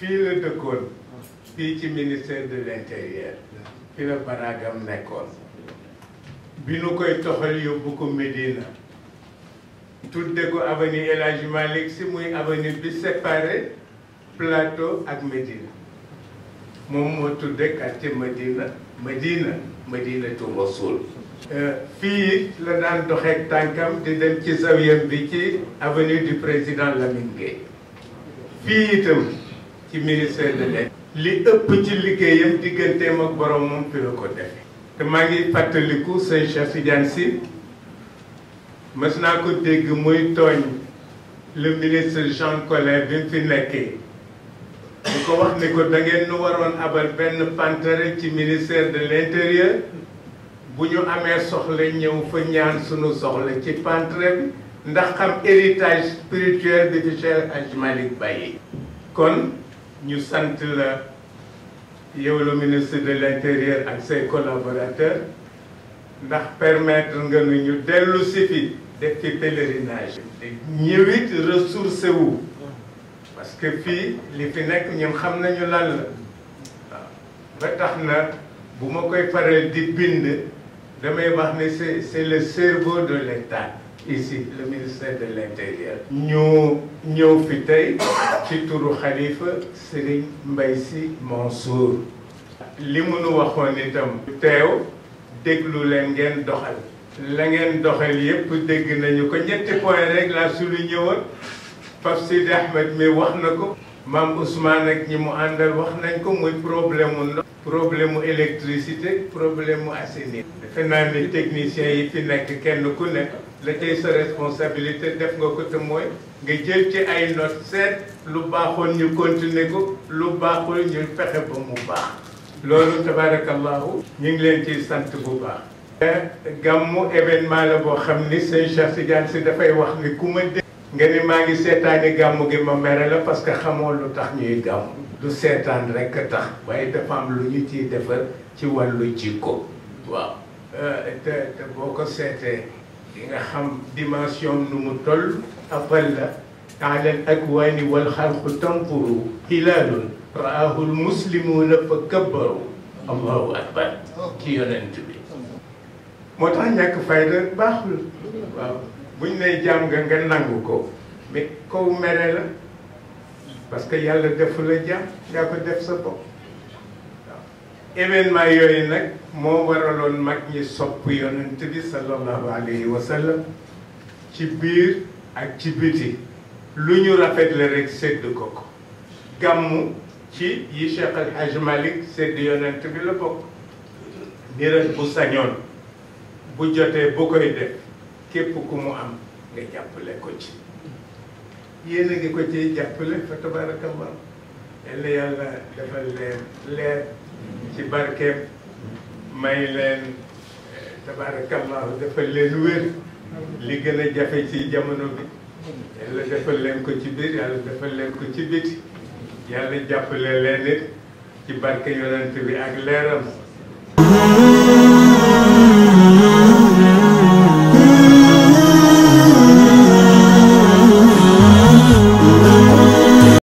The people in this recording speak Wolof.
fii la dëkkoon fii ci ministère de l'intérieur fi la baraagam nekkoon bi nu koy toxal yóbbu ko Médina tudde ko avenue El Hadji Malick muy avenue bi séparé plateau ak Médina moom moo tudde quartier Médina Médina Médina Touba Soul euh, fii la daan doxee tànkam di dem ci zawiyam bi ci avenue du président Lamine fii itam ci ministère de l' li ëpp ci liggéeyam digganteem ak borom moom fi la ko defee. te maa ngi fàttaliku sëñ Cheikh Tidiane Sy mës naa ko dégg muy tooñ le ministre Jean Collin bi mu fi nekkee di ko wax ni ko da nu waroon abal benn pantere ci ministère de l' bu ñu amee soxla ñëw fa ñaan sunu soxla ci pantere bi ndax xam héritage spirituel bi fi Cheikh Hadj bàyyi kon. ñu sant la yow le ministre de l'intérieur ak ses collaborateurs ndax permettre nga nu ñu dellu si fi def ci pèlerinage te ñëwit ressource wu parce que fii li fi nekk ñun xam nañu lan la waaw ba tax na bu ma koy faral di bind damay wax ne c'est c'est le cerveau de l'État ici le ministère de l'intérieur ñu ñëw fi tey ci turu xalifa Serigne Mbaye Sy Mansour li mu waxoon itam teew déglu leen ngeen doxal la ngeen doxal yépp dégg nañu ko ñetti point rek laa su lu ñëwoon Pape Sidi Ahmed mi wax na ko maam Ousmane ak ñi mu àndal wax nañ ko muy problème mu ndox problème mu électricité problème mu assainir defe naa ne techniciens yi fi nekk kenn ku nekk la tey sa responsabilité def nga ko te mooy nga jël ci ay note seet lu baaxoon ñu continuer ko lu baaxul ñu pexe ba mu baax loolu tabarakallahu ñu ngi leen ci sant bu baax gàmmu événement la boo xam ni sëñ Cheikh Tidiane si dafay wax ni ku ma dégg nga ni maa ngi seetaani gàmmu gi ma mere la parce que xamoo lu tax ñuy gàmmu lu seetaan rekk a tax waaye dafa am lu ñu ciy defar ci wàllu jikko waaw euh, te te boo ko seetee di nga xam dimension nu mu toll apal la alal akwaani wal xalqu tanfuru hilaalun raahu lmuslimuuna fa kabbaru allahu akbar ci yonent bi moo tax ñàkk fayda baaxul waaw buñ lay jaam nga nga nangu ko mais kaw mere la parce que yàlla defu la jaam yaa ko def sa bopp événement yooyu nag moo waraloon mag ñi sopp yonent bi sallallahu alayhi wa sallam ci biir ak ci biti lu ñu rafetle rek sédd ko ko gàmmu ci yi Cheikh Al Hadj Malick sédd yonent bi la bokk ni rek bu sañoon bu jotee bu koy def képp ku mu am nga jàppale ko ci yéen a ngi ko ci jàppale yàlla yàlla defal leen leer ci barkeem may leen tabarakallahu defal leen wér li gën jafe ci jamono bi yàlla defal leen ko ci biir yàlla defal leen ko ci biti yàlla jàppale leen it ci barke yonent bi ak leeram